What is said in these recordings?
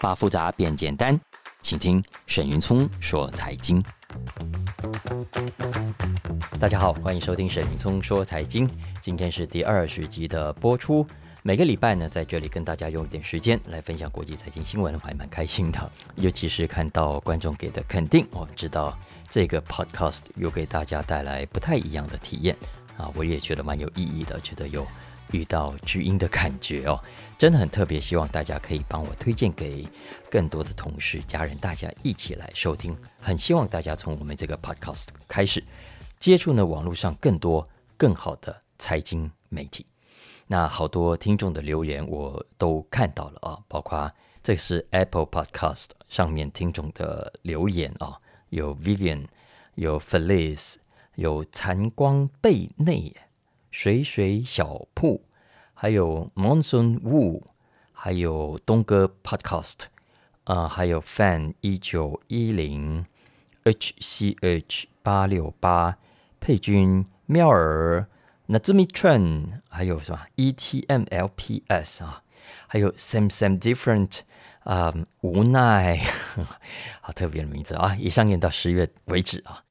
把複雜變簡單，請聽沈雲聰說財經。大家好，歡迎收聽沈雲聰說財經。今天是第二十集的播出。每個禮拜呢，在這裡跟大家用一點時間來分享國際財經新聞，還蠻開心的。尤其是看到觀眾給的肯定，我、哦、們知道這個 podcast 又給大家帶來不太一樣的體驗啊，我也覺得蠻有意義的，覺得有。遇到知音的感覺哦，真的很特別。希望大家可以幫我推薦給更多的同事、家人，大家一起來收聽。很希望大家從我們這個 podcast 開始接觸呢，網絡上更多、更好的財經媒體。那好多聽眾的留言我都看到了啊、哦，包括這是 Apple Podcast 上面聽眾的留言啊、哦，有 Vivian，有 Felice，有殘光貝內。水水小鋪，還有 Monsoon Wu，還有東哥 Podcast，啊、呃，還有 Fan 一九一零 HCH 八六八配軍喵兒 Nazmi Chen，還有什麼 ETMLPS 啊，還有 Same Same Different 啊、呃，無奈，呵呵好特別的名字啊！以上念到十月為止啊。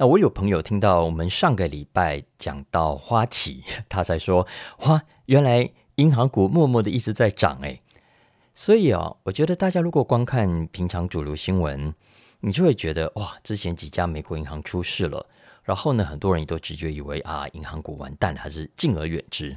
那我有朋友聽到我們上個禮拜講到花旗，他才說哇，原來銀行股默默的一直在漲哎。所以啊，哦，我覺得大家如果光看平常主流新聞，你就會覺得哇，之前幾家美國銀行出事了，然後呢，很多人也都直覺以為啊，銀行股完蛋了，還是敬而遠之。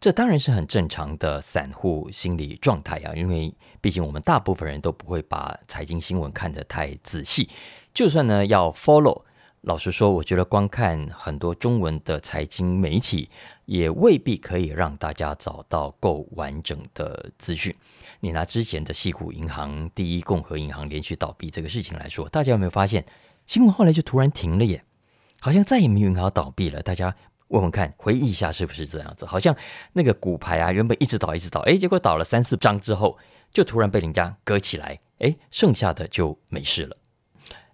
這當然是很正常的散戶心理狀態啊，因為畢竟我們大部分人都不會把財經新聞看得太仔細，就算呢要 follow。老實說，我覺得光看很多中文的財經媒體，也未必可以讓大家找到夠完整的資訊。你拿之前的矽谷銀行、第一共和銀行連續倒閉這個事情來說，大家有沒有發現新聞後來就突然停了耶？好像再也沒有銀行倒閉了。大家問問看，回憶一下是不是這樣子？好像那個骨牌啊，原本一直倒一直倒，誒，結果倒了三四張之後，就突然被人家割起來，誒，剩下的就沒事了。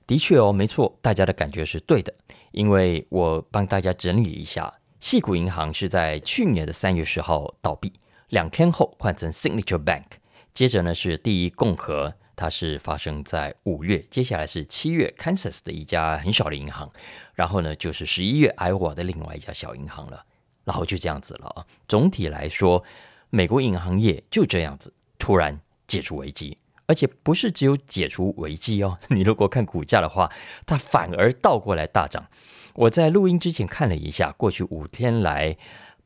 的確哦，沒錯，大家的感覺是對的，因為我幫大家整理一下，矽谷銀行是在去年的三月十號倒閉，兩天後換成 Signature Bank，接着呢是第一共和，它是發生在五月，接下來是七月 Kansas 的一家很小的銀行，然後呢就是十一月 Iowa 的另外一家小銀行了，然後就這樣子了啊。總體來說，美國銀行業就這樣子突然解除危機。而且不是只有解除危機哦，你如果看股價的話，它反而倒過來大漲。我在錄音之前看了一下，過去五天來，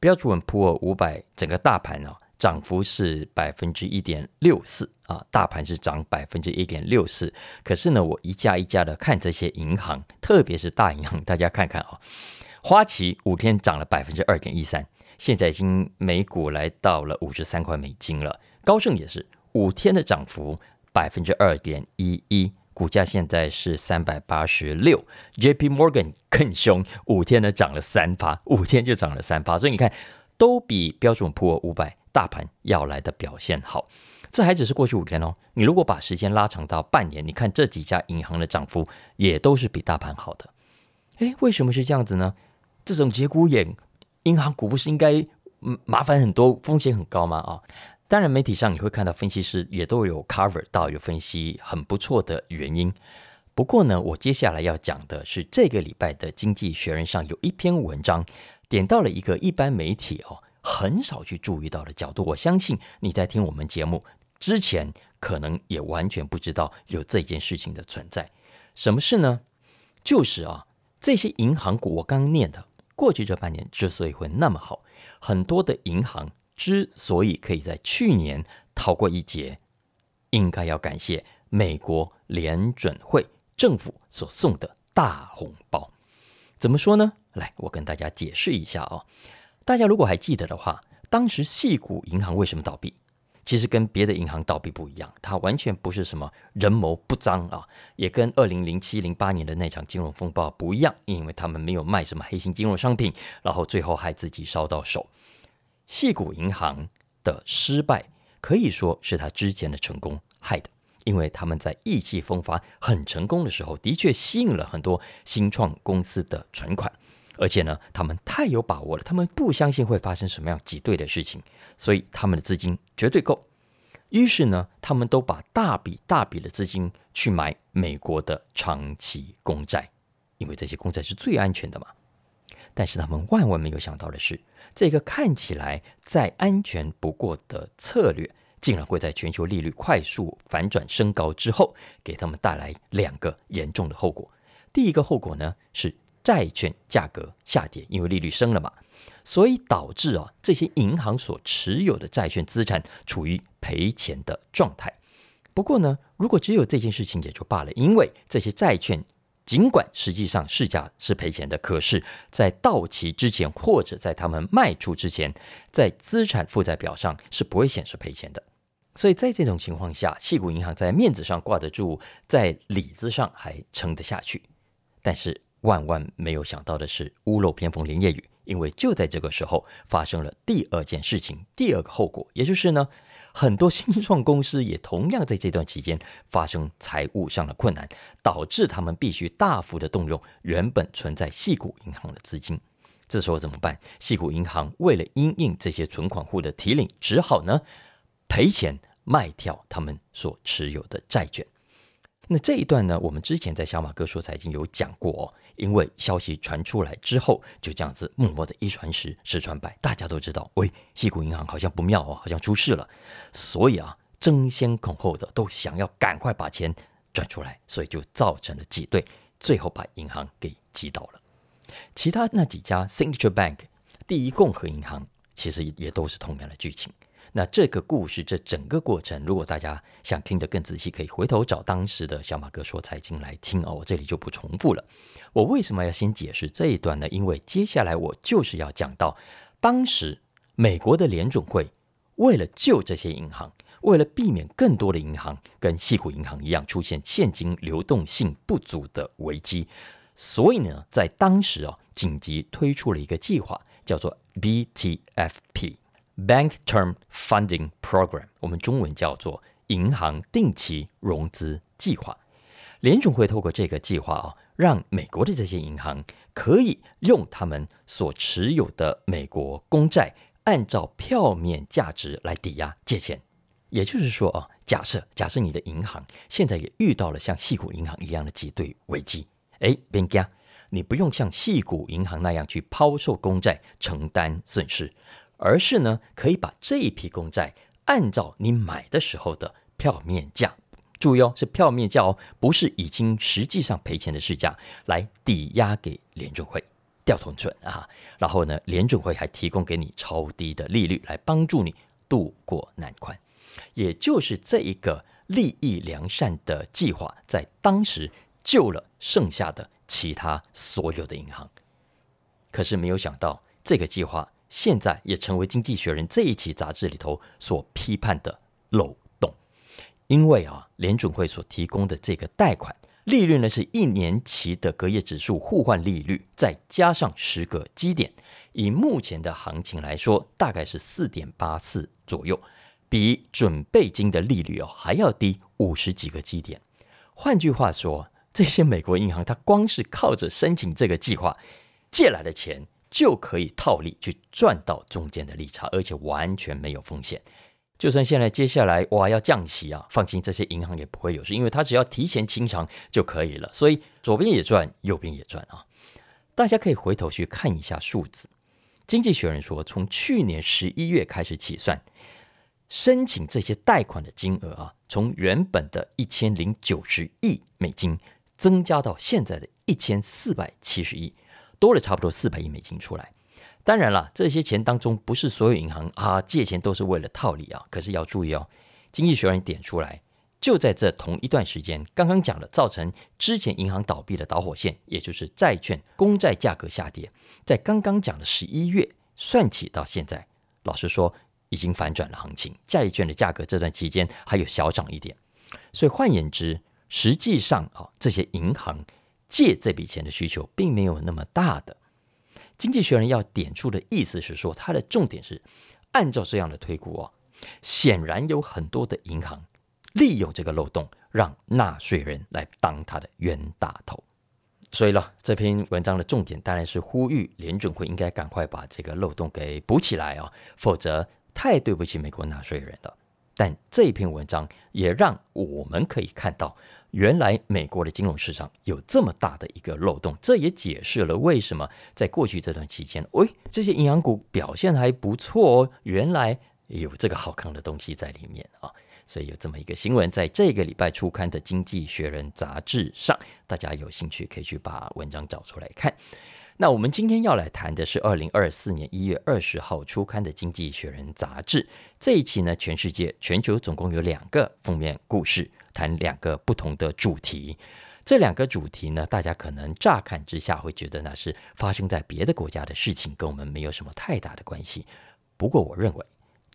標準普爾五百整個大盤哦，漲幅是百分之一點六四啊，大盤是漲百分之一點六四。可是呢，我一家一家的看這些銀行，特別是大銀行，大家看看啊、哦，花旗五天漲了百分之二點一三，現在已經每股來到了五十三塊美金了。高盛也是。五天的漲幅百分之二點一一，股價現在是三百八十六。J P Morgan 更凶，五天呢漲了三趴，五天就漲了三趴。所以你看，都比標準普爾五百大盤要來的表現好。這還只是過去五天哦。你如果把時間拉長到半年，你看這幾家銀行的漲幅也都是比大盤好的。哎，為什麼是這樣子呢？這種節骨眼，銀行股不是應該麻煩很多、風險很高嗎？啊？當然，媒體上你會看到分析師也都有 cover 到，有分析很不錯的原因。不過呢，我接下來要講的是這個禮拜的《經濟學人》上有一篇文章，點到了一個一般媒體哦很少去注意到的角度。我相信你在聽我們節目之前，可能也完全不知道有這件事情的存在。什麼事呢？就是啊，這些銀行股我剛念的，過去這半年之所以會那麼好，很多的銀行，之所以可以在去年逃過一劫，應該要感謝美國聯準會政府所送的大紅包。怎麼說呢？來，我跟大家解釋一下哦。大家如果還記得的話，當時矽谷銀行為什麼倒閉，其實跟別的銀行倒閉不一樣。它完全不是什麼人謀不臧啊，也跟二零零七零八年的那場金融風暴不一樣，因為他們沒有賣什麼黑心金融商品，然後最後害自己燒到手。矽谷銀行的失敗可以說是他之前的成功害的，因為他們在意氣風發、很成功的時候，的確吸引了很多新創公司的存款，而且呢，他們太有把握了，他們不相信會發生什麼樣擠兌的事情，所以他們的資金絕對夠。於是呢，他們都把大筆大筆的資金去買美國的長期公債，因為這些公債是最安全的嘛。但是他們萬萬沒有想到的是，這個看起來再安全不過的策略，竟然會在全球利率快速反轉升高之後，給他們帶來兩個嚴重的後果。第一個後果呢，是債券價格下跌，因為利率升了嘛，所以導致啊這些銀行所持有的債券資產處於賠錢的狀態。不過呢，如果只有這件事情也就罷了，因為這些債券。儘管實際上市價是賠錢的，可是，在到期之前或者在他們賣出之前，在資產負債表上是不會顯示賠錢的。所以在這種情況下，矽谷銀行在面子上掛得住，在裡子上還撐得下去。但是萬萬沒有想到的是，屋漏偏逢連夜雨，因為就在這個時候發生了第二件事情，第二個後果，也就是呢。很多新創公司也同樣在這段期間發生財務上的困難，導致他們必須大幅的動用原本存在矽谷銀行的資金。這時候怎麼辦？矽谷銀行為了因應這些存款戶的提領，只好呢賠錢賣掉他們所持有的債券。那這一段呢，我們之前在小馬哥說財經有講過，哦因為消息傳出來之後，就這樣子，默默的一傳十，十傳百，大家都知道，喂，矽谷銀行好像不妙哦，好像出事了，所以啊，爭先恐後的都想要趕快把錢轉出來，所以就造成了擠兌，最後把銀行給擠倒了。其他那幾家，Signature Bank，第一共和銀行，其實也都是同樣的劇情。那這個故事，這整個過程，如果大家想聽得更仔細，可以回頭找當時的小馬哥說財經來聽哦，我這裡就不重複了。我為什麼要先解釋這一段呢？因為接下來我就是要講到，當時美國的聯準會為了救這些銀行，為了避免更多的銀行跟矽谷銀行一樣出現現金流動性不足的危機，所以呢，在當時啊、哦，緊急推出了一個計劃，叫做 BTFP（Bank Term Funding Program），我們中文叫做銀行定期融資計劃。聯準會透過這個計劃啊、哦。讓美國的這些銀行可以用他們所持有的美國公債，按照票面價值來抵押借錢。也就是說，哦，假設假設你的銀行現在也遇到了像硅谷銀行一樣的擠兌危機，哎，別急，你不用像硅谷銀行那樣去拋售公債承擔損失，而是呢可以把這一批公債按照你買的時候的票面價。注意哦，是票面價哦，不是已經實際上賠錢的市價來抵押給聯準會調頭寸啊。然後呢，聯準會還提供給你超低的利率來幫助你渡過難關，也就是這一個立意良善的計劃，在當時救了剩下的其他所有的銀行。可是沒有想到，這個計劃現在也成為《經濟學人》這一期雜誌裡頭所批判的漏。因為啊，聯準會所提供的這個貸款利率呢，是一年期的隔夜指數互換利率，再加上十個基點，以目前的行情來說，大概是四點八四左右，比準備金的利率哦還要低五十幾個基點。換句話說，這些美國銀行它光是靠着申請這個計劃借來的錢，就可以套利去賺到中間的利差，而且完全沒有風險。就算現在接下來哇要降息啊，放心，這些銀行也不會有事，因為他只要提前清償就可以了。所以左邊也賺，右邊也賺啊！大家可以回頭去看一下數字。《經濟學人》說，從去年十一月開始起算，申請這些貸款的金額啊，從原本的一千零九十億美金增加到現在的一千四百七十億，多了差不多四百億美金出來。當然了，這些錢當中不是所有銀行啊借錢都是為了套利啊。可是要注意哦，經濟學人點出來，就在這同一段時間，剛剛講了造成之前銀行倒閉的導火線，也就是債券公債價格下跌。在剛剛講的十一月算起到現在，老實說已經反轉了行情，債券的價格這段期間還有小漲一點。所以換言之，實際上啊這些銀行借這筆錢的需求並沒有那麼大的。經濟學人要點出的意思是說，它的重點是按照這樣的推估哦，顯然有很多的銀行利用這個漏洞，讓納稅人來當他的冤大頭。所以呢，這篇文章的重點當然是呼籲聯準會應該趕快把這個漏洞給補起來哦，否則太對不起美國納稅人了。但這篇文章也讓我們可以看到，原來美國的金融市場有這麼大的一個漏洞，這也解釋了為什麼在過去這段期間，喂、哎，這些銀行股表現還不錯哦，原來有這個好康的東西在裡面啊。所以有這麼一個新聞，在這個禮拜初刊的《經濟學人》雜誌上，大家有興趣可以去把文章找出來看。那我們今天要來談的是二零二四年一月二十號出刊的《經濟學人》雜誌，這一期呢，全世界全球總共有兩個封面故事，談兩個不同的主題。這兩個主題呢，大家可能乍看之下會覺得那是發生在別的國家的事情，跟我們沒有什麼太大的關係。不過，我認為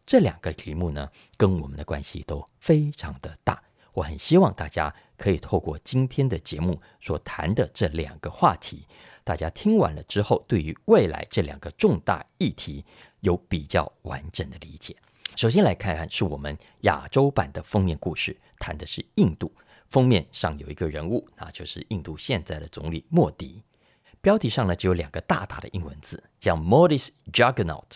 這兩個題目呢，跟我們的關係都非常的大。我很希望大家可以透過今天的節目所談的這兩個話題，大家聽完了之後，對於未來這兩個重大議題有比較完整的理解。首先來看一看，是我們亞洲版的封面故事，談的是印度。封面上有一個人物，那就是印度現在的總理莫迪。標題上呢，只有兩個大大的英文字，叫 “Modi's juggernaut”。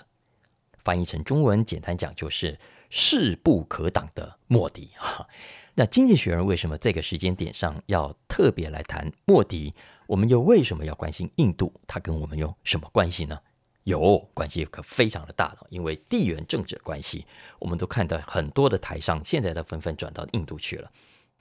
翻譯成中文，簡單講就是勢不可擋的莫迪。哈，那《經濟學人》為什麼這個時間點上要特別來談莫迪？我們又為什麼要關心印度？它跟我們有什麼關係呢？有關係可非常的大了，因為地緣政治的關係，我們都看到很多的台商現在都紛紛轉到印度去了。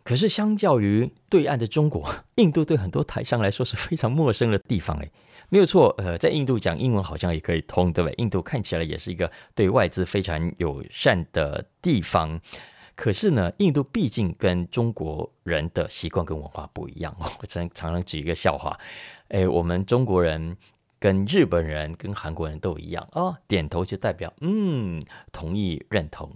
可是相較於對岸的中國，印度對很多台商來說是非常陌生的地方。誒，沒有錯，呃，在印度講英文好像也可以通，對不對？印度看起來也是一個對外資非常友善的地方。可是呢，印度畢竟跟中國人的習慣跟文化不一樣。我常常舉一個笑話，哎，我們中國人跟日本人、跟韓國人都一樣啊，哦，點頭就代表，嗯，同意認同。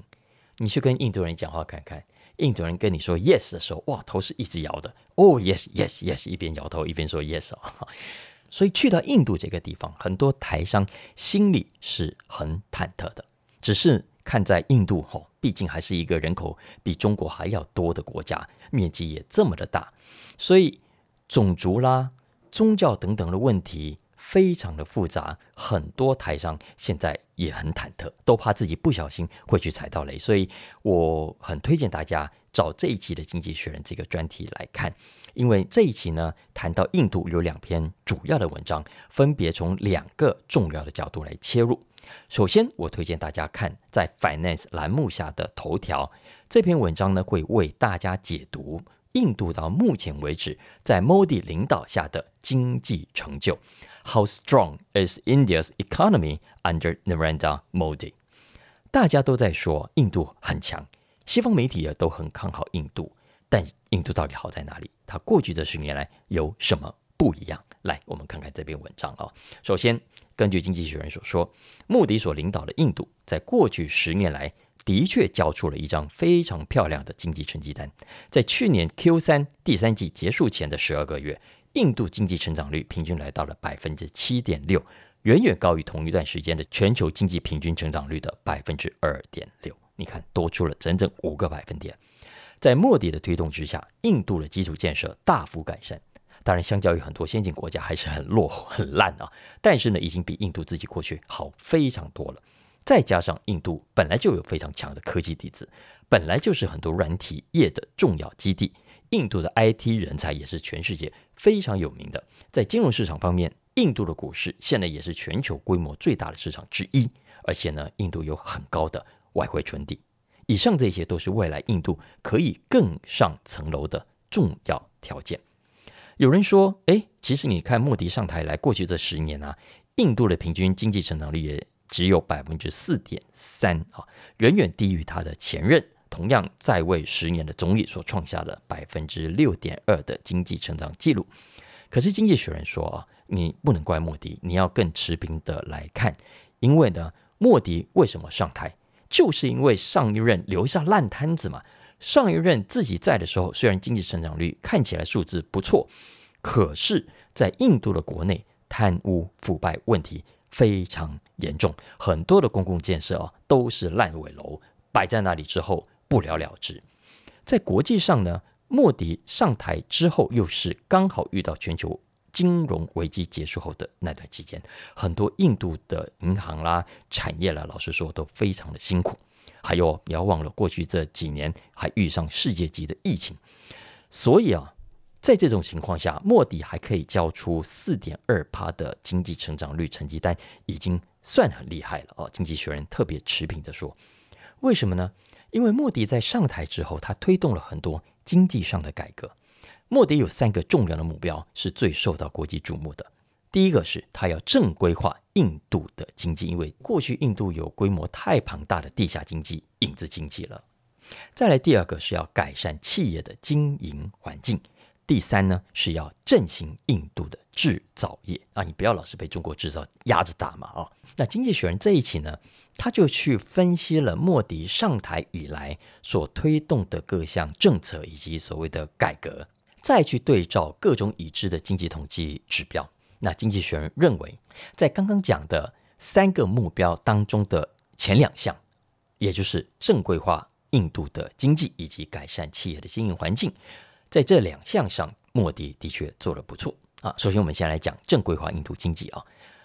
你去跟印度人講話看看，印度人跟你說 yes 的時候，哇，頭是一直搖的，哦，oh，yes yes yes，一邊搖頭一邊說 yes 所以去到印度這個地方，很多台商心裡是很忐忑的，只是。看在印度，吼，畢竟還是一個人口比中國還要多的國家，面積也這麼的大，所以種族啦、宗教等等的問題非常的複雜，很多台商現在也很忐忑，都怕自己不小心會去踩到雷，所以我很推薦大家找這一期的《經濟學人》這個專題來看，因為這一期呢，談到印度有兩篇主要的文章，分別從兩個重要的角度來切入。首先，我推薦大家看在 Finance 欄目下的頭條這篇文章呢，會為大家解讀印度到目前為止在 Modi 領導下的經濟成就。How strong is India's economy under Narendra Modi？大家都在說印度很強，西方媒體也都很看好印度。但印度到底好在哪裡？它過去這十年來有什麼不一樣？來，我們看看這篇文章哦。首先。根據經濟學人所說，莫迪所領導的印度在過去十年來的確交出了一張非常漂亮的經濟成績單。在去年 Q3 第三季結束前的十二個月，印度經濟成長率平均來到了百分之七點六，遠遠高於同一段時間的全球經濟平均成長率的百分之二點六。你看，多出了整整五個百分點。在莫迪的推動之下，印度的基礎建設大幅改善。當然，相較於很多先進國家還是很落後、很爛啊。但是呢，已經比印度自己過去好非常多了。再加上印度本來就有非常強的科技底子，本來就是很多軟體業的重要基地。印度的 IT 人才也是全世界非常有名的。在金融市場方面，印度的股市現在也是全球規模最大的市場之一。而且呢，印度有很高的外匯存底。以上這些都是未來印度可以更上層樓的重要條件。有人說誒，其實你看莫迪上台來，過去這十年啊，印度的平均經濟成長率也只有百分之四點三啊，遠遠低於他的前任，同樣在位十年的總理所創下了百分之六點二的經濟成長記錄。可是，經濟學人說啊，你不能怪莫迪，你要更持平的來看，因為呢，莫迪為什麼上台，就是因為上一任留下爛攤子嘛。上一任自己在的時候，雖然經濟成長率看起來數字不錯，可是，在印度的國內，貪污腐敗問題非常嚴重，很多的公共建設啊都是爛尾樓，擺在那裡之後不了了之。在國際上呢，莫迪上台之後，又是剛好遇到全球金融危機結束後的那段期間，很多印度的銀行啦、啊、產業啦、啊，老實說都非常的辛苦。還有，不要忘了，過去這幾年還遇上世界級的疫情，所以啊，在這種情況下，莫迪還可以交出四點二趴的經濟成長率成績單，已經算很厲害了哦。經濟學人特別持平的說，為什麼呢？因為莫迪在上台之後，他推動了很多經濟上的改革。莫迪有三個重要的目標，是最受到國際矚目的。第一個是他要正規化印度的經濟，因為過去印度有規模太龐大的地下經濟、影子經濟了。再來，第二個是要改善企業的經營環境。第三呢，是要振興印度的製造業啊！你不要老是被中國製造壓着打嘛啊、哦！那經濟學人這一期呢，他就去分析了莫迪上台以來所推動的各項政策以及所謂的改革，再去對照各種已知的經濟統計指標。那經濟學人認為，在剛剛講的三個目標當中的前兩項，也就是正規化印度的經濟以及改善企業的經營環境，在這兩項上，莫迪的確做得不錯啊。首先，我們先來講正規化印度經濟啊，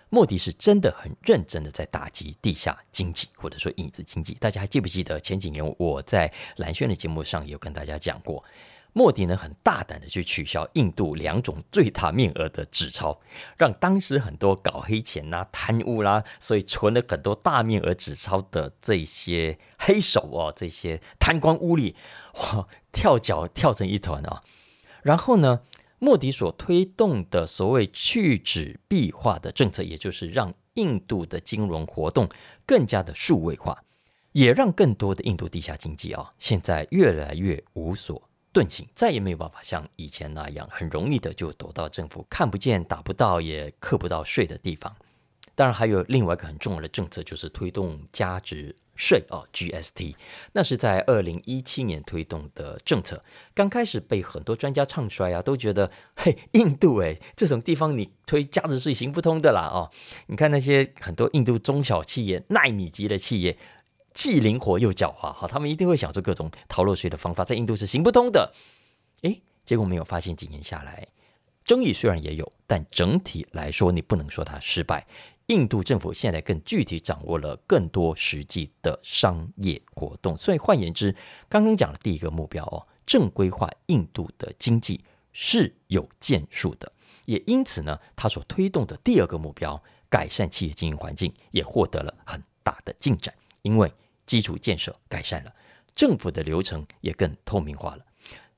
莫迪是真的很認真的在打擊地下經濟或者說影子經濟。大家還記不記得前幾年我在藍軒的節目上也有跟大家講過？莫迪呢，很大膽的去取消印度兩種最大面額的紙鈔，讓當時很多搞黑錢啦、啊、貪污啦、啊，所以存了很多大面額紙鈔的這些黑手啊、哦、這些貪官污吏，哇，跳腳跳成一團啊、哦！然後呢，莫迪所推動的所謂去紙幣化的政策，也就是讓印度的金融活動更加的數位化，也讓更多的印度地下經濟啊、哦，現在越來越無所。遁形，再也沒有辦法像以前那樣很容易的就躲到政府看不見、打不到、也課不到稅的地方。當然還有另外一個很重要的政策，就是推動加值稅哦 （GST）。那是在二零一七年推動的政策，剛開始被很多專家唱衰啊，都覺得嘿，印度誒、欸，這種地方你推加值稅行不通的啦哦。你看那些很多印度中小企業、奈米級的企業。既靈活又狡猾，哈，他們一定會想出各種逃漏稅的方法，在印度是行不通的。誒，結果沒有發現。幾年下來，爭議雖然也有，但整體來說，你不能說它失敗。印度政府現在更具體掌握了更多實際的商業活動，所以換言之，剛剛講的第一個目標哦，正規化印度的經濟是有建樹的，也因此呢，它所推動的第二個目標，改善企業經營環境，也獲得了很大的進展，因為。基礎建設改善了，政府的流程也更透明化了，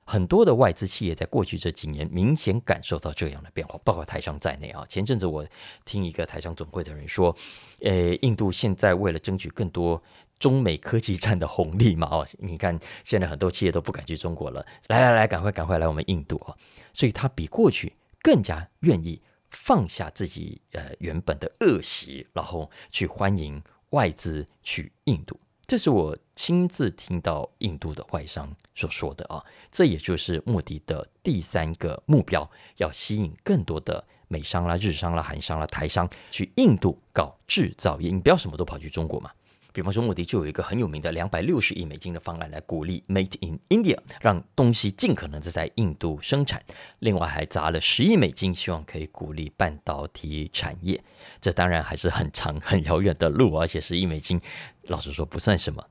很多的外資企業在過去這幾年明顯感受到這樣的變化，包括台商在內啊。前陣子我聽一個台商總會的人說，呃、欸，印度現在為了爭取更多中美科技戰的紅利嘛，哦，你看現在很多企業都不敢去中國了，來來來，趕快趕快來我們印度啊！所以，他比過去更加願意放下自己呃原本的惡習，然後去歡迎外資去印度。這是我親自聽到印度的外商所說的啊，這也就是莫迪的第三個目標，要吸引更多的美商啦、日商啦、韓商啦、台商去印度搞製造業，你不要什麼都跑去中國嘛。比方說，莫迪就有一個很有名的兩百六十億美金的方案，來鼓勵 Made in India，讓東西儘可能的在印度生產。另外還砸了十億美金，希望可以鼓勵半導體產業。這當然還是很長、很遙遠的路，而且十億美金，老實說不算什麼。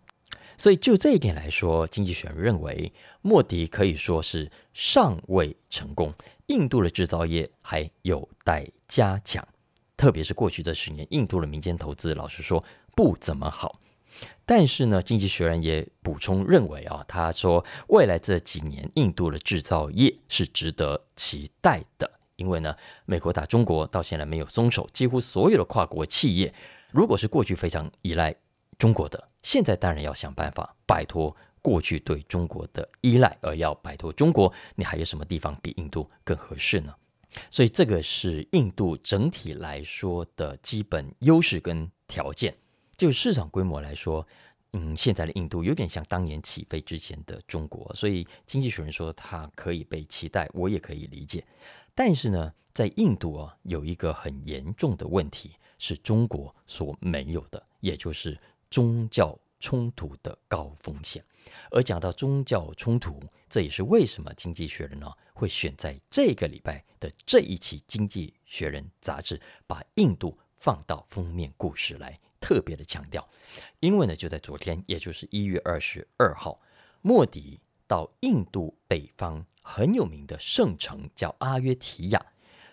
所以就這一點來說，經濟學人認為莫迪可以說是尚未成功，印度的制造業還有待加強。特別是過去這十年，印度的民間投資，老實說不怎麼好。但是呢，經濟學人也補充認為啊，他說未來這幾年印度的制造業是值得期待的，因為呢，美國打中國到現在沒有鬆手，幾乎所有的跨國企業，如果是過去非常依賴中國的，現在當然要想辦法擺脫過去對中國的依賴，而要擺脫中國，你還有什麼地方比印度更合適呢？所以這個是印度整體來說的基本優勢跟條件。就市場規模來說，嗯，現在的印度有點像當年起飛之前的中國，所以經濟學人說它可以被期待，我也可以理解。但是呢，在印度啊，有一個很嚴重的問題是中國所沒有的，也就是宗教衝突的高風險。而講到宗教衝突，這也是為什麼《經濟學人》呢，會選在這個禮拜的這一期《經濟學人》雜誌，把印度放到封面故事來特別的強調。因為呢，就在昨天，也就是一月二十二號，莫迪到印度北方很有名的聖城叫阿約提亞，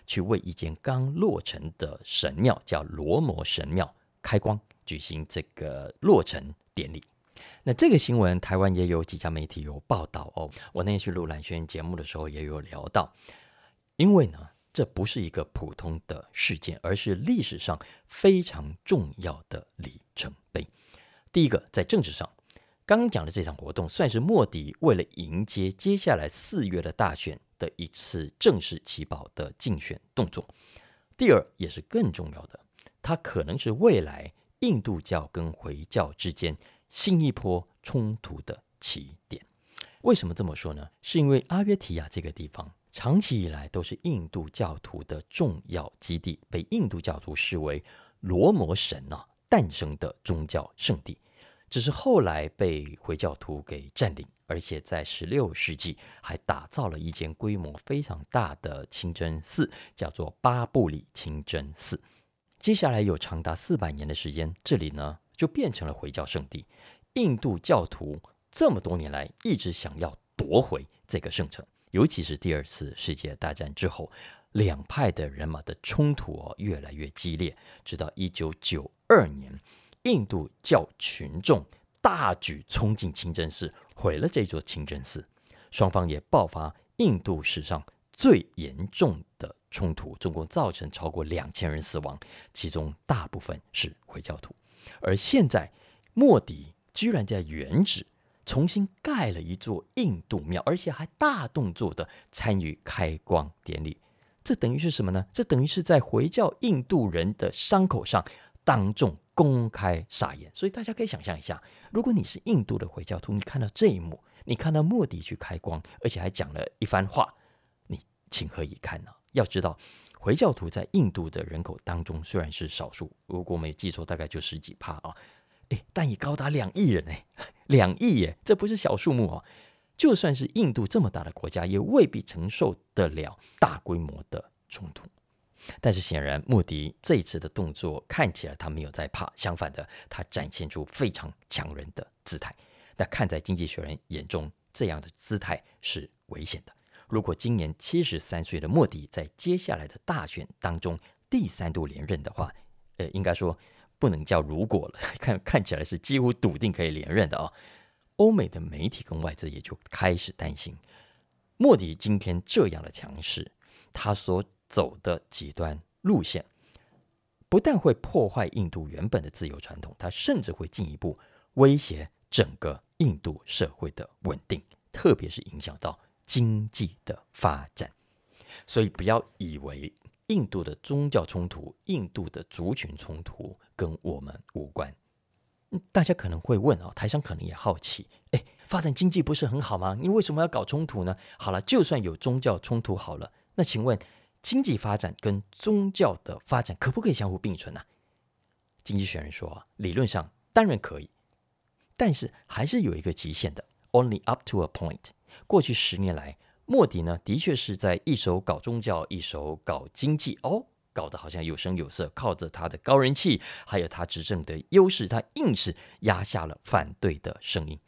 去為一間剛落成的神廟叫羅摩神廟開光，舉行這個落成典禮。那這個新聞，台灣也有幾家媒體有報道哦。我那天去錄《蘭萱》節目的時候，也有聊到，因為呢，這不是一個普通的事件，而是歷史上非常重要的里程碑。第一個，在政治上，剛剛講的這場活動算是莫迪為了迎接接下來四月的大選的一次正式起跑的競選動作。第二，也是更重要的，它可能是未來印度教跟回教之間。新一波衝突的起點，為什麼這麼說呢？是因為阿約提亞這個地方長期以來都是印度教徒的重要基地，被印度教徒視為羅摩神吶、啊、誕生的宗教聖地。只是後來被回教徒給占領，而且在十六世紀還打造了一間規模非常大的清真寺，叫做巴布里清真寺。接下來有長達四百年的時間，這裡呢，就變成了回教聖地。印度教徒這麼多年來一直想要奪回這個聖城，尤其是第二次世界大戰之後，兩派的人馬的衝突哦越來越激烈。直到一九九二年，印度教群眾大舉衝進清真寺，毀了這座清真寺。雙方也爆發印度史上最嚴重的衝突，總共造成超過兩千人死亡，其中大部分是回教徒。而現在，莫迪居然在原址重新蓋了一座印度廟，而且還大動作的參與開光典禮。這等於是什麼呢？這等於是在回教印度人的傷口上當眾公開撒鹽。所以大家可以想象一下，如果你是印度的回教徒，你看到這一幕，你看到莫迪去開光，而且還講了一番話，你情何以堪呢、啊？要知道。回教徒在印度的人口當中雖然是少數，如果我沒記錯，大概就十幾趴啊、哦，誒，但也高達兩億人哎，兩億耶，這不是小數目啊、哦！就算是印度這麼大的國家，也未必承受得了大規模的衝突。但是顯然，莫迪這一次的動作看起來他沒有在怕，相反的，他展現出非常強人的姿態。那看在經濟學人眼中，這樣的姿態是危險的。如果今年七十三歲的莫迪在接下來的大選當中第三度連任的話，呃，應該說不能叫“如果”了，看看起來是幾乎篤定可以連任的哦。歐美的媒體跟外資也就開始擔心，莫迪今天這樣的強勢，他所走的極端路線，不但會破壞印度原本的自由傳統，他甚至會進一步威脅整個印度社會的穩定，特別是影響到，經濟的發展，所以不要以為印度的宗教衝突、印度的族群衝突跟我們無關。大家可能會問啊，台商可能也好奇，哎，發展經濟不是很好嗎？你為什麼要搞衝突呢？好了，就算有宗教衝突，好了，那請問經濟發展跟宗教的發展可不可以相互並存呢、啊？經濟學人說，理論上當然可以，但是還是有一個極限的，only up to a point。過去十年來，莫迪呢，的確是在一手搞宗教，一手搞經濟，哦，搞得好像有聲有色，靠着他的高人氣，還有他執政的優勢，他硬是壓下了反對的聲音。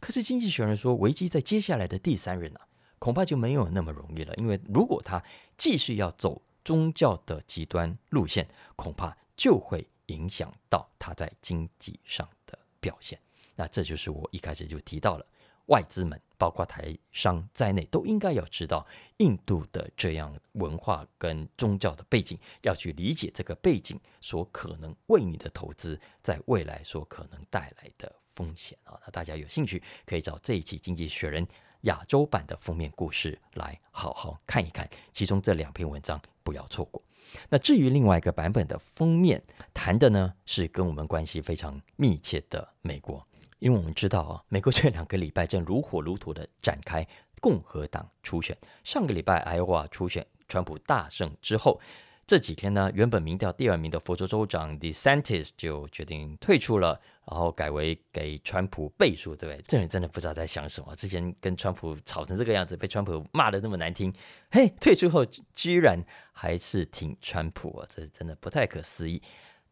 可是，經濟學人說，危機在接下來的第三任呢、啊，恐怕就沒有那麼容易了，因為如果他繼續要走宗教的極端路線，恐怕就會影響到他在經濟上的表現。那這就是我一開始就提到了。外資們，包括台商在內，都應該要知道印度的這樣文化跟宗教的背景，要去理解這個背景所可能為你的投資，在未來所可能帶來的風險啊。那大家有興趣可以找這一期《經濟學人》亞洲版的封面故事來好好看一看，其中這兩篇文章不要錯過。那至於另外一個版本的封面，談的呢是跟我們關係非常密切的美國。因為我們知道啊、哦，美國這兩個禮拜正如火如荼的展開共和黨初選。上個禮拜，Iowa 初選，川普大勝之後，這幾天呢，原本民調第二名的佛州州長 DeSantis 就決定退出了，然後改為給川普背書，對不對？這人真的不知道在想什麼。之前跟川普吵成這個樣子，被川普罵得那麼難聽，嘿，退出後居然還是挺川普、哦，這真的不太可思議。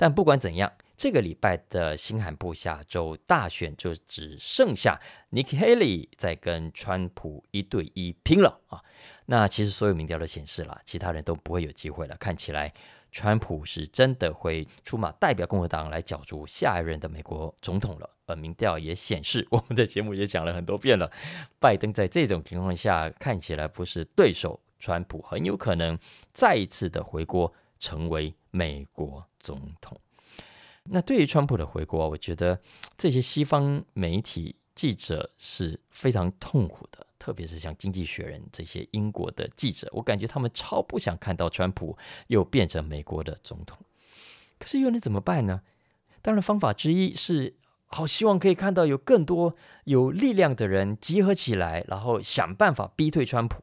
但不管怎樣，這個禮拜的新罕布夏州大選就只剩下 Nikki Haley 在跟川普一對一拼了啊！那其實所有民調都顯示了，其他人都不會有機會了。看起來川普是真的會出馬代表共和黨來角逐下一任的美國總統了。而民調也顯示，我們的節目也講了很多遍了，拜登在這種情況下看起來不是對手，川普很有可能再一次的回鍋成為美國總統。那對於川普的回國，我覺得這些西方媒體記者是非常痛苦的，特別是像《經濟學人》這些英國的記者，我感覺他們超不想看到川普又變成美國的總統。可是又能怎麼辦呢？當然，方法之一是好希望可以看到有更多有力量的人集合起來，然後想辦法逼退川普。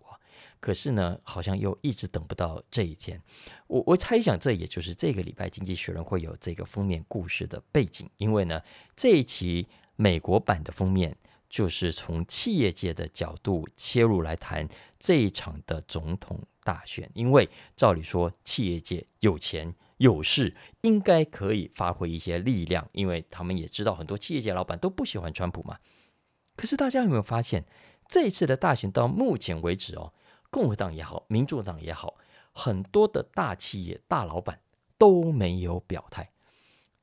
可是呢，好像又一直等不到這一天。我我猜想，這也就是這個禮拜《經濟學人》會有這個封面故事的背景，因為呢，這一期美國版的封面就是從企業界的角度切入來談這一場的總統大選。因為照理說，企業界有錢有勢，應該可以發揮一些力量，因為他們也知道很多企業界老闆都不喜歡川普嘛。可是大家有沒有發現，這一次的大選到目前為止哦，共和黨也好，民主黨也好，很多的大企業、大老闆都沒有表態。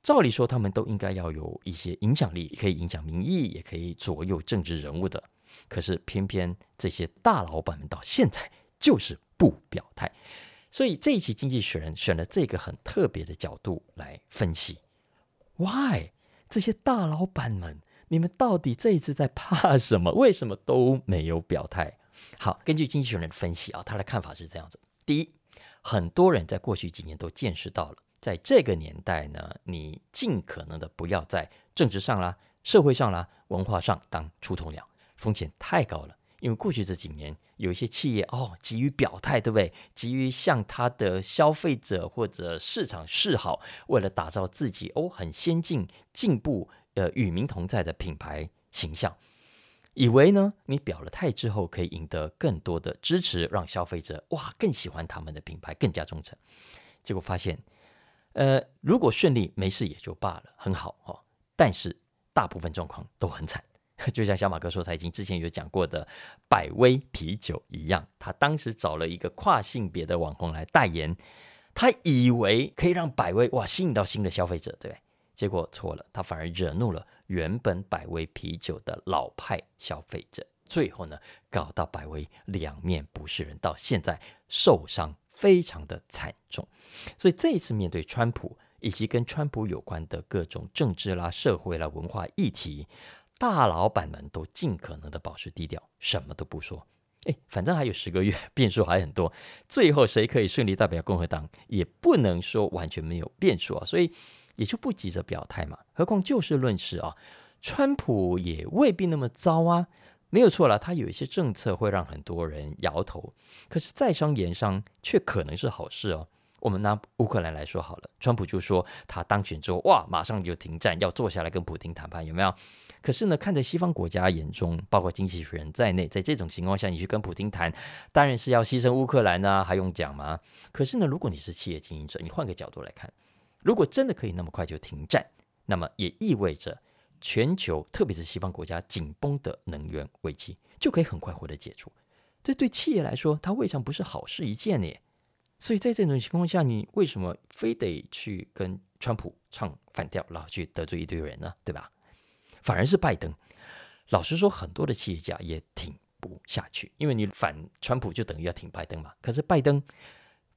照理說，他們都應該要有一些影響力，可以影響民意，也可以左右政治人物的。可是，偏偏這些大老闆們到現在就是不表態。所以，這一期經濟學人選了這個很特別的角度來分析：Why 這些大老闆們，你們到底這一次在怕什麼？為什麼都沒有表態？好，根據經濟學人的分析啊，哦，他的看法是這樣子：第一，很多人在過去幾年都見識到了，在這個年代呢，你盡可能的不要在政治上啦、社會上啦、文化上當出頭鳥，風險太高了。因為過去這幾年，有一些企業哦，急於表態，對不對？急於向他的消費者或者市場示好，為了打造自己哦很先進、進步、呃與民同在的品牌形象。以為呢，你表了態之後可以贏得更多的支持，讓消費者哇更喜歡他們的品牌，更加忠誠。結果發現，呃，如果順利沒事也就罷了，很好哦。但是大部分狀況都很慘，就像小馬哥說財經之前有講過的百威啤酒一樣，他當時找了一個跨性別的網紅來代言，他以為可以讓百威哇吸引到新的消費者，對不對？結果錯了，他反而惹怒了，原本百威啤酒的老派消費者，最後呢，搞到百威兩面不是人，到現在受傷非常的慘重。所以這一次面對川普以及跟川普有關的各種政治啦、社會啦、文化議題，大老板們都盡可能的保持低調，什麼都不說。哎，反正還有十個月，變數還很多。最後誰可以順利代表共和黨，也不能說完全沒有變數啊。所以。也就不急着表態嘛，何況就事論事啊、哦，川普也未必那麼糟啊，沒有錯了，他有一些政策會讓很多人搖頭，可是，在商言商卻可能是好事哦。我們拿烏克蘭來說好了，川普就說他當選之後，哇，馬上就停戰，要坐下來跟普京談判，有沒有？可是呢，看在西方國家眼中，包括經濟學人在內，在這種情況下，你去跟普京談，當然是要犧牲烏克蘭啊，還用講嗎？可是呢，如果你是企業經營者，你換個角度來看。如果真的可以那麼快就停戰，那麼也意味着全球，特別是西方國家緊繃的能源危機就可以很快獲得解除。這對企業來說，它未嘗不是好事一件呢。所以在這種情況下，你為什麼非得去跟川普唱反調，然後去得罪一堆人呢？對吧？反而是拜登。老實說，很多的企業家也挺不下去，因為你反川普就等於要挺拜登嘛。可是拜登，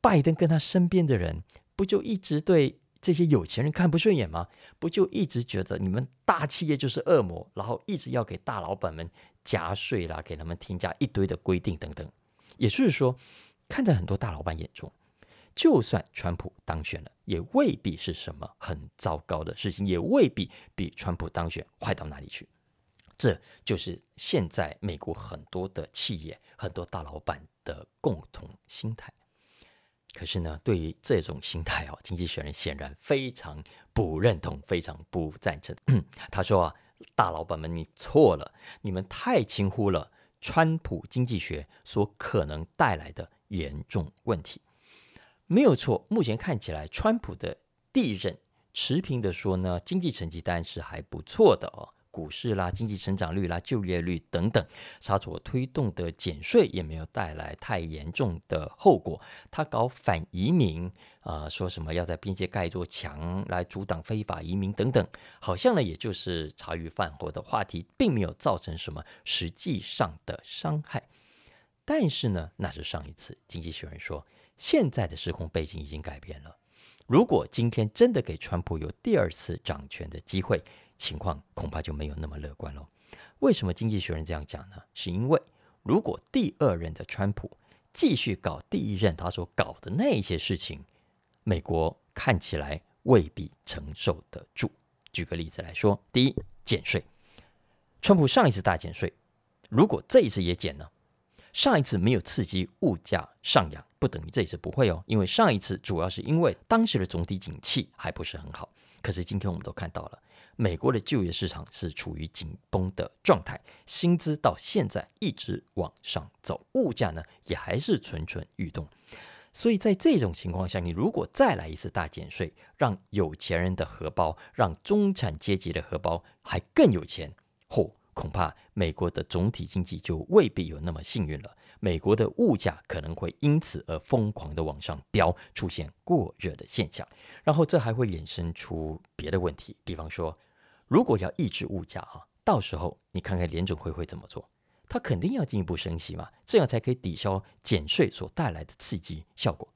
拜登跟他身邊的人不就一直對？這些有錢人看不順眼嗎？不就一直覺得你們大企業就是惡魔，然後一直要給大老闆們加稅啦，給他們添加一堆的規定等等。也就是說，看在很多大老闆眼中，就算川普當選了，也未必是什麼很糟糕的事情，也未必比川普當選壞到哪裡去。這就是現在美國很多的企業、很多大老闆的共同心態。可是呢，對於這種心態哦，經濟學人顯然非常不認同，非常不贊成。他說啊，大老闆們，你錯了，你們太輕忽了川普經濟學所可能帶來的嚴重問題。沒有錯，目前看起來，川普的第一任，持平的說呢，經濟成績單是還不錯的哦。股市啦、經濟成長率啦、就業率等等，他所推動的減稅也沒有帶來太嚴重的後果。他搞反移民啊、呃，說什麼要在邊界蓋一座牆來阻擋非法移民等等，好像呢，也就是茶餘飯後的話題，並沒有造成什麼實際上的傷害。但是呢，那是上一次。經濟學人說，現在的時空背景已經改變了。如果今天真的給川普有第二次掌權的機會，情況恐怕就沒有那麼樂觀了。為什麼經濟學人這樣講呢？是因為如果第二任的川普繼續搞第一任他所搞的那一些事情，美國看起來未必承受得住。舉個例子來說，第一，減稅，川普上一次大減稅，如果這一次也減呢？上一次沒有刺激物價上揚，不等於這一次不會哦。因為上一次主要是因為當時的總體景氣還不是很好，可是今天我們都看到了。美國的就業市場是處於緊繃的狀態，薪資到現在一直往上走，物價呢也還是蠢蠢欲動。所以在這種情況下，你如果再來一次大減稅，讓有錢人的荷包，讓中產階級的荷包還更有錢，嚯、哦，恐怕美國的總體經濟就未必有那麼幸運了。美國的物價可能會因此而瘋狂的往上飆，出現過熱的現象，然後這還會衍生出別的問題，比方說。如果要抑制物價啊，到時候你看看聯準會會怎麼做？他肯定要進一步升息嘛，這樣才可以抵消減稅所帶來的刺激效果。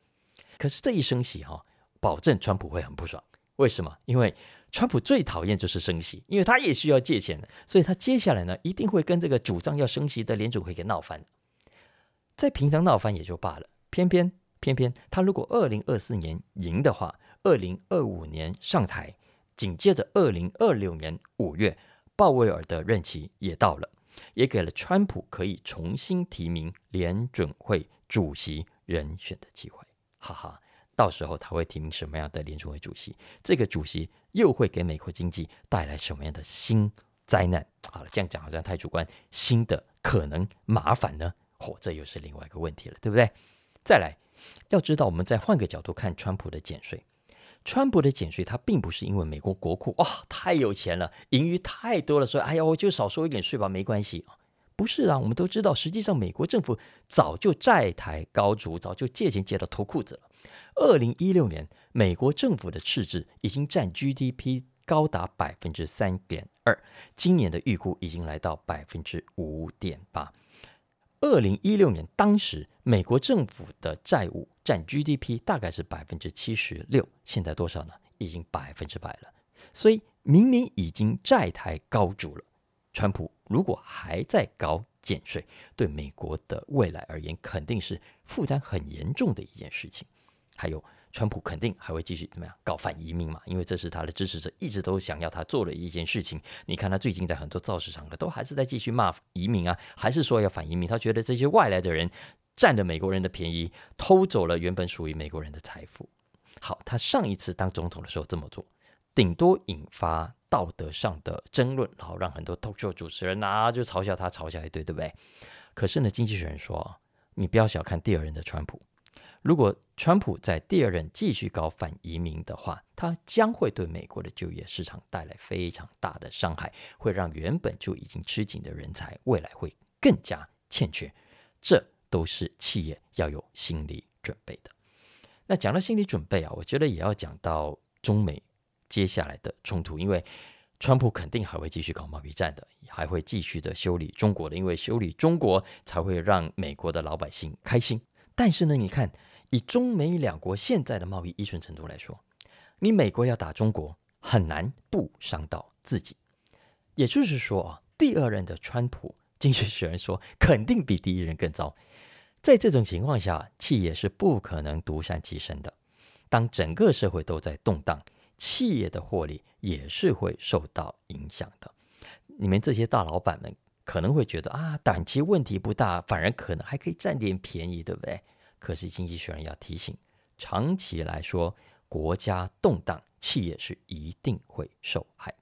可是這一升息哈，保證川普會很不爽。為什麼？因為川普最討厭就是升息，因為他也需要借錢，所以他接下來呢一定會跟這個主張要升息的聯準會給鬧翻。在平常鬧翻也就罷了，偏偏偏偏他如果二零二四年贏的話，二零二五年上台。緊接着，二零二六年五月，鮑威爾的任期也到了，也給了川普可以重新提名聯準會主席人選的機會。哈哈，到時候他會提名什麼樣的聯準會主席？這個主席又會給美國經濟帶來什麼樣的新災難？好了，這樣講好像太主觀，新的可能麻煩呢？嚯、哦，這又是另外一個問題了，對不對？再來，要知道，我們再換個角度看川普的減稅。川普的減稅，他並不是因為美國國庫啊、哦、太有錢了，盈餘太多了，所以哎呀，我就少收一點稅吧，沒關係。不是啊，我們都知道，實際上美國政府早就債台高築，早就借錢借到脫褲子了。二零一六年，美國政府的赤字已經佔 GDP 高達百分之三點二，今年的預估已經來到百分之五點八。二零一六年當時，美國政府的債務，占 GDP 大概是百分之七十六，現在多少呢？已經百分之百了。所以明明已經債臺高築了，川普如果還在搞減稅，對美國的未來而言肯定是負擔很嚴重的一件事情。還有，川普肯定還會繼續怎麼樣搞反移民嘛？因為這是他的支持者一直都想要他做的一件事情。你看他最近在很多造勢場合都還是在繼續罵移民啊，還是說要反移民？他覺得這些外來的人，佔了美國人的便宜，偷走了原本屬於美國人的財富。好，他上一次當總統的時候這麼做，頂多引發道德上的爭論，然後讓很多脫口秀主持人啊就嘲笑他，嘲笑一堆，對不對？可是呢，經濟學人說，你不要小看第二任的川普。如果川普在第二任繼續搞反移民的話，他將會對美國的就業市場帶來非常大的傷害，會讓原本就已經吃緊的人才未來會更加欠缺。這都是企業要有心理準備的。那講到心理準備啊，我覺得也要講到中美接下來的衝突，因為川普肯定還會繼續搞貿易戰的，還會繼續的修理中國的，的因為修理中國才會讓美國的老百姓開心。但是呢，你看以中美兩國現在的貿易依存程度來說，你美國要打中國很難不傷到自己。也就是說啊，第二任的川普，經濟學人說，肯定比第一任更糟。在這種情況下，企業是不可能獨善其身的。當整個社會都在動盪，企業的獲利也是會受到影響的。你們這些大老闆們可能會覺得啊，短期問題不大，反而可能還可以佔點便宜，對不對？可是，經濟學人要提醒，長期來說，國家動盪，企業是一定會受害。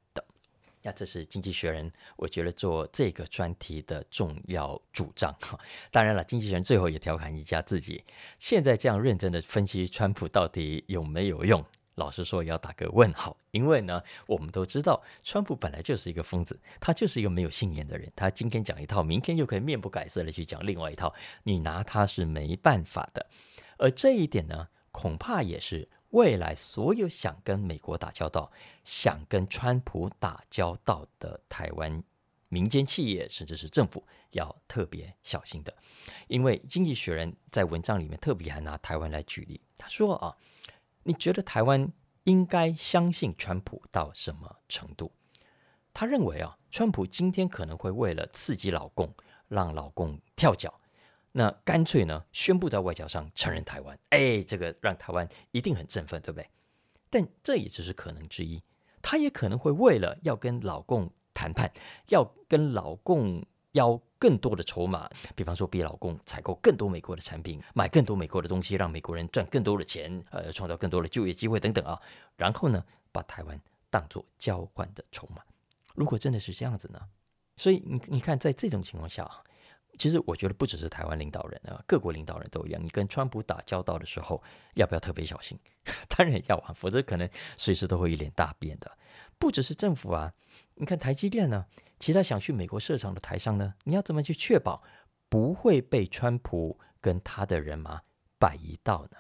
那這是《經濟學人》，我覺得做這個專題的重要主張。哈，當然了，《經濟學人》最後也調侃一下自己，現在這樣認真的分析川普到底有沒有用？老實說，要打個問號，因為呢，我們都知道，川普本來就是一個瘋子，他就是一個沒有信念的人。他今天講一套，明天又可以面不改色的去講另外一套，你拿他是沒辦法的。而這一點呢，恐怕也是。未來所有想跟美國打交道、想跟川普打交道的台灣民間企業，甚至是政府，要特別小心的，因為《經濟學人》在文章裡面特別還拿台灣來舉例。他說：“啊，你覺得台灣應該相信川普到什麼程度？”他認為啊，川普今天可能會為了刺激老共，讓老共跳腳。那乾脆呢，宣布在外交上承認台灣？哎、欸，這個讓台灣一定很振奮，對不對？但這也只是可能之一，他也可能會為了要跟老共談判，要跟老共要更多的籌碼，比方說，逼老共採購更多美國的產品，買更多美國的東西，讓美國人賺更多的錢，呃，創造更多的就業機會等等啊。然後呢，把台灣當做交換的籌碼。如果真的是這樣子呢？所以你你看，在這種情況下、啊。其實我覺得不只是台灣領導人啊，各國領導人都一樣。你跟川普打交道的時候，要不要特別小心？當然要啊，否則可能隨時都會一臉大變的。不只是政府啊，你看台積電呢、啊，其他想去美國設廠的台商呢，你要怎麼去確保不會被川普跟他的人馬擺一道呢？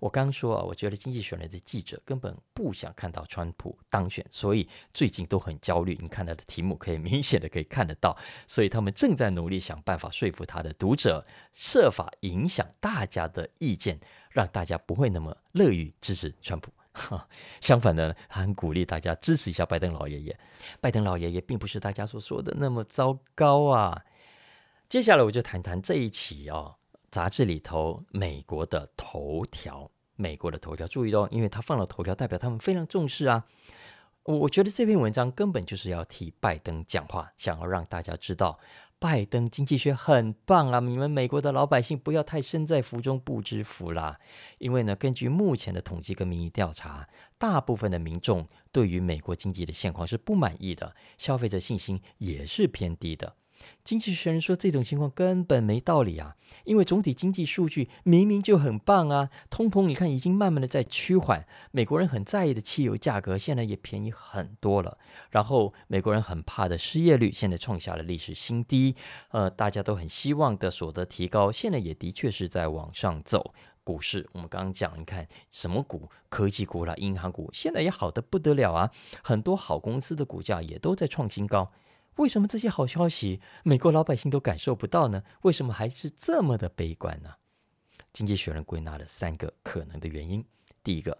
我剛說啊，我覺得《經濟學人》的記者根本不想看到川普當選，所以最近都很焦慮。你看他的題目，可以明顯的可以看得到，所以他們正在努力想辦法說服他的讀者，設法影響大家的意見，讓大家不會那麼樂於支持川普。相反呢，還很鼓勵大家支持一下拜登老爺爺。拜登老爺爺並不是大家所說的那麼糟糕啊。接下來我就談談這一期啊、哦。雜誌裡頭，美國的頭條，美國的頭條，注意哦，因為他放了頭條，代表他們非常重視啊。我覺得這篇文章根本就是要替拜登講話，想要讓大家知道，拜登經濟學很棒啊！你們美國的老百姓不要太身在福中不知福啦。因為呢，根據目前的統計跟民意調查，大部分的民眾對於美國經濟的現況是不滿意的，消費者信心也是偏低的。經濟學人說這種情況根本沒道理啊，因為總體經濟數據明明就很棒啊，通膨，你看已經慢慢的在趨緩，美國人很在意的汽油價格現在也便宜很多了，然後美國人很怕的失業率現在創下了歷史新低，呃，大家都很希望的所得提高現在也的確是在往上走，股市我們剛剛講一看，你看什麼股，科技股啦，銀行股現在也好得不得了啊，很多好公司的股價也都在創新高。為什麼這些好消息美國老百姓都感受不到呢？為什麼還是這麼的悲觀呢？經濟學人歸納了三個可能的原因。第一個，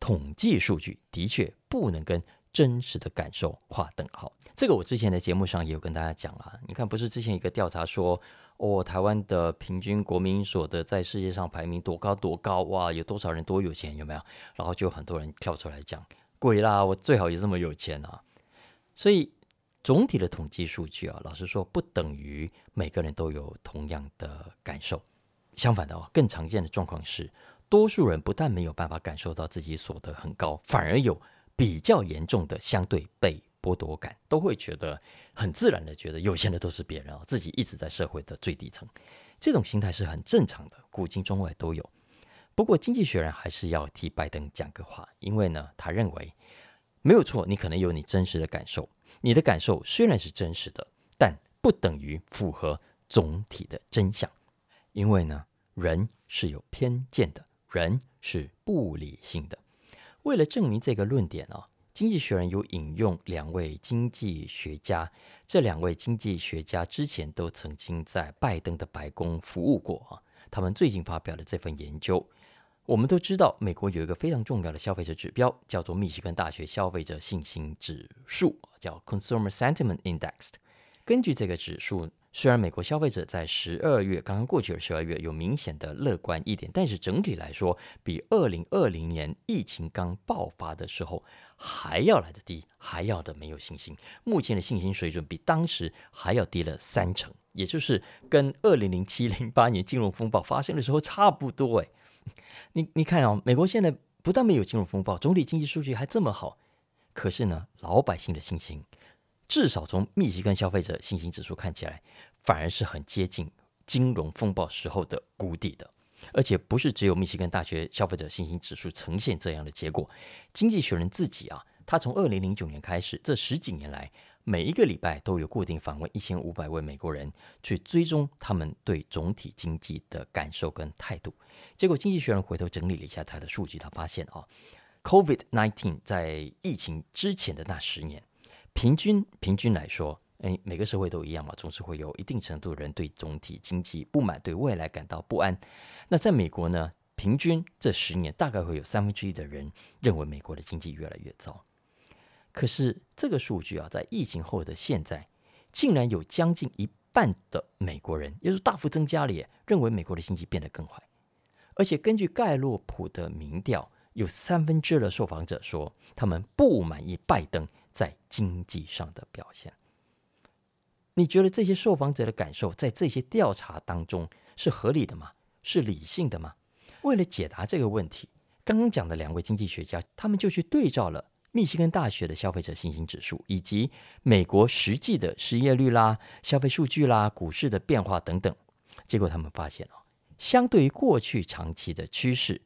統計數據的確不能跟真實的感受劃等號。這個我之前的節目上也有跟大家講了。你看，不是之前一個調查說，哦，台灣的平均國民所得在世界上排名多高多高？哇，有多少人多有錢？有沒有？然後就很多人跳出來講，鬼啦！我最好也這麼有錢啊！所以。總體的統計數據啊，老實說不等於每個人都有同樣的感受。相反的哦，更常見的狀況是，多數人不但沒有辦法感受到自己所得很高，反而有比較嚴重的相對被剝奪感，都會覺得很自然的覺得有錢的都是別人啊，自己一直在社會的最底層。這種心態是很正常的，古今中外都有。不過，經濟學人還是要替拜登講個話，因為呢，他認為沒有錯，你可能有你真實的感受。你的感受雖然是真實的，但不等於符合總體的真相，因為呢，人是有偏見的，人是不理性的。為了證明這個論點啊，經濟學人有引用兩位經濟學家，這兩位經濟學家之前都曾經在拜登的白宮服務過啊，他們最近發表了這份研究。我們都知道，美國有一個非常重要的消費者指標，叫做密西根大學消費者信心指數，叫 Consumer Sentiment Index。根據這個指數，雖然美國消費者在十二月剛剛過去的十二月有明顯的樂觀一點，但是整體來說，比二零二零年疫情剛爆發的時候還要來得低，還要的沒有信心。目前的信心水準比當時還要低了三成，也就是跟二零零七零八年金融風暴發生的時候差不多，哎，你你看啊，哦，美國現在不但沒有金融風暴，總體經濟數據還這麼好，可是呢，老百姓的信心，至少從密西根消費者信心指數看起來，反而是很接近金融風暴時候的谷底的，而且不是只有密西根大學消費者信心指數呈現這樣的結果，《經濟學人》自己啊，他從二零零九年開始，這十幾年來。每一個禮拜都有固定訪問一千五百位美國人，去追蹤他們對總體經濟的感受跟態度。結果，經濟學人回頭整理了一下他的數據，他發現啊，COVID-19 在疫情之前的那十年，平均平均來說，哎，每個社會都一樣嘛，總是會有一定程度的人對總體經濟不滿，對未來感到不安。那在美國呢，平均這十年大概會有三分之一的人認為美國的經濟越來越糟。可是這個數據啊，在疫情後的現在，竟然有將近一半的美國人，也就是大幅增加了耶，認為美國的經濟變得更壞。而且根據蓋洛普的民調，有三分之二的受訪者說，他們不滿意拜登在經濟上的表現。你覺得這些受訪者的感受在這些調查當中是合理的嗎？是理性的嗎？為了解答這個問題，剛剛講的兩位經濟學家，他們就去對照了。密西根大學的消費者信心指數，以及美國實際的失業率啦、消費數據啦、股市的變化等等，結果他們發現哦，相對於過去長期的趨勢，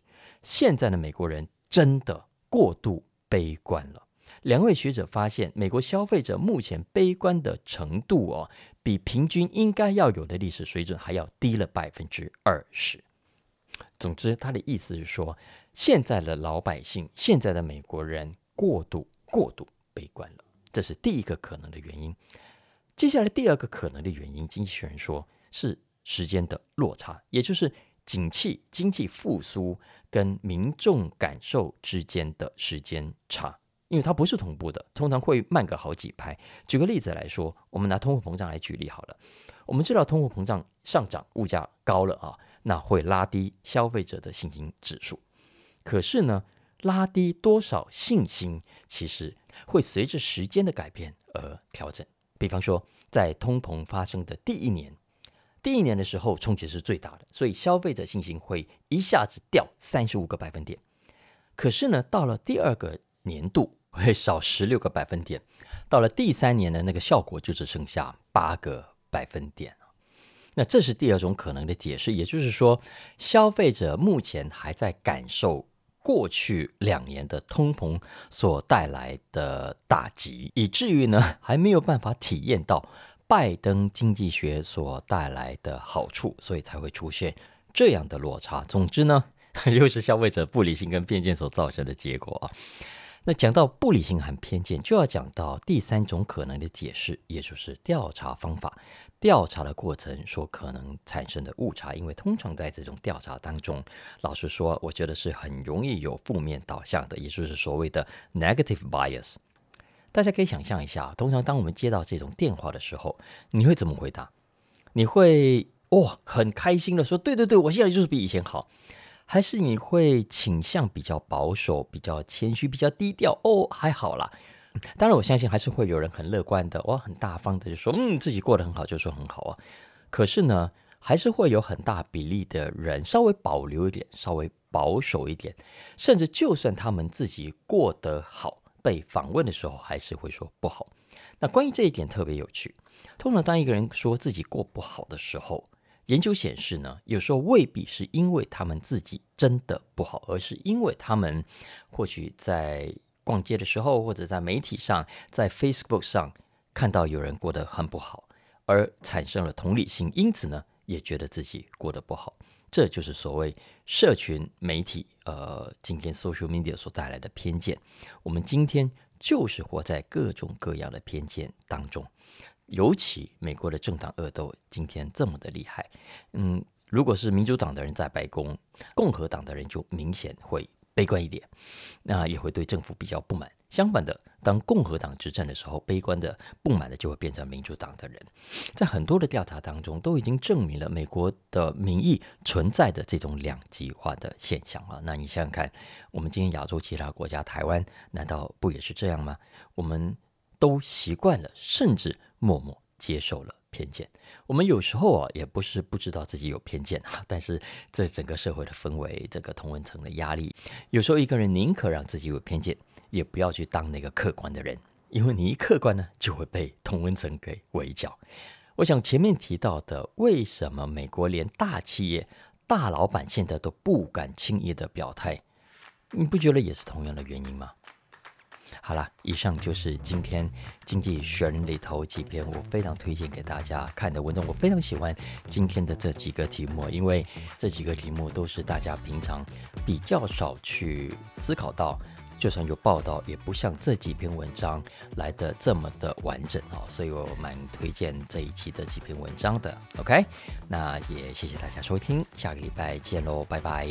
現在的美國人真的過度悲觀了。兩位學者發現，美國消費者目前悲觀的程度哦，比平均應該要有的歷史水準還要低了百分之二十。總之，他的意思是說，現在的老百姓，現在的美國人。過度過度悲觀了，這是第一個可能的原因。接下來第二個可能的原因，經濟學人說是時間的落差，也就是景氣經濟復甦跟民眾感受之間的時間差，因為它不是同步的，通常會慢個好幾拍。舉個例子來說，我們拿通貨膨脹來舉例好了。我們知道通貨膨脹上漲，物價高了啊，那會拉低消費者的信心指數。可是呢？拉低多少信心，其實會隨着時間的改變而調整。比方說，在通膨發生的第一年，第一年的時候，衝擊是最大的，所以消費者信心會一下子掉三十五個百分點。可是呢，到了第二個年度，會少十六個百分點；到了第三年呢，那個效果就只剩下八個百分點。那這是第二種可能的解釋，也就是說，消費者目前還在感受。過去兩年的通膨所帶來的打擊，以至於呢還沒有辦法體驗到拜登經濟學所帶來的好處，所以才會出現這樣的落差。總之呢，又是消費者不理性跟偏見所造成的結果啊。那講到不理性很偏見，就要講到第三種可能的解釋，也就是調查方法。調查的過程所可能產生的誤差，因為通常在這種調查當中，老實說，我覺得是很容易有負面導向的，也就是所謂的 negative bias。大家可以想象一下，通常當我們接到這種電話的時候，你會怎麼回答？你會哦，很開心地說：“對對對，我現在就是比以前好。”還是你會傾向比較保守，比較謙虛，比較低調。哦，還好啦。當然，我相信還是會有人很樂觀的，哇，很大方的就說嗯，自己過得很好，就說很好啊。可是呢，還是會有很大比例的人稍微保留一點，稍微保守一點，甚至就算他們自己過得好，被訪問的時候還是會說不好。那關於這一點特別有趣，通常當一個人說自己過不好的時候，研究顯示呢，有時候未必是因為他們自己真的不好，而是因為他們或許在逛街的時候，或者在媒體上、在 Facebook 上看到有人過得很不好，而產生了同理心，因此呢，也覺得自己過得不好。這就是所謂社群媒體，呃，今天 Social Media 所帶來的偏見。我們今天就是活在各種各樣的偏見當中。尤其美國的政黨惡鬥今天這麼的厲害，嗯，如果是民主黨的人在白宮，共和黨的人就明顯會悲觀一點，那也會對政府比較不滿。相反的，當共和黨執政的時候，悲觀的、不滿的就會變成民主黨的人。在很多的調查當中，都已經證明了美國的民意存在的這種兩極化的現象啊。那你想想看，我們今天亞洲其他國家，台灣難道不也是這樣嗎？我們。都習慣了，甚至默默接受了偏見。我們有時候啊，也不是不知道自己有偏見，但是這整個社會的氛圍，這個同溫層的壓力，有時候一個人寧可讓自己有偏見，也不要去當那個客觀的人，因為你一客觀呢，就會被同溫層給圍剿。我想前面提到的，為什麼美國連大企業、大老板現在都不敢輕易的表態，你不覺得也是同樣的原因嗎？好了，以上就是今天經濟學人裡頭幾篇我非常推薦給大家看的文章。我非常喜歡今天的這幾個題目，因為這幾個題目都是大家平常比較少去思考到，就算有報道，也不像這幾篇文章來得這麼的完整哦。所以我蠻推薦這一期的幾篇文章的。OK，那也謝謝大家收聽，下個禮拜見嘍，拜拜。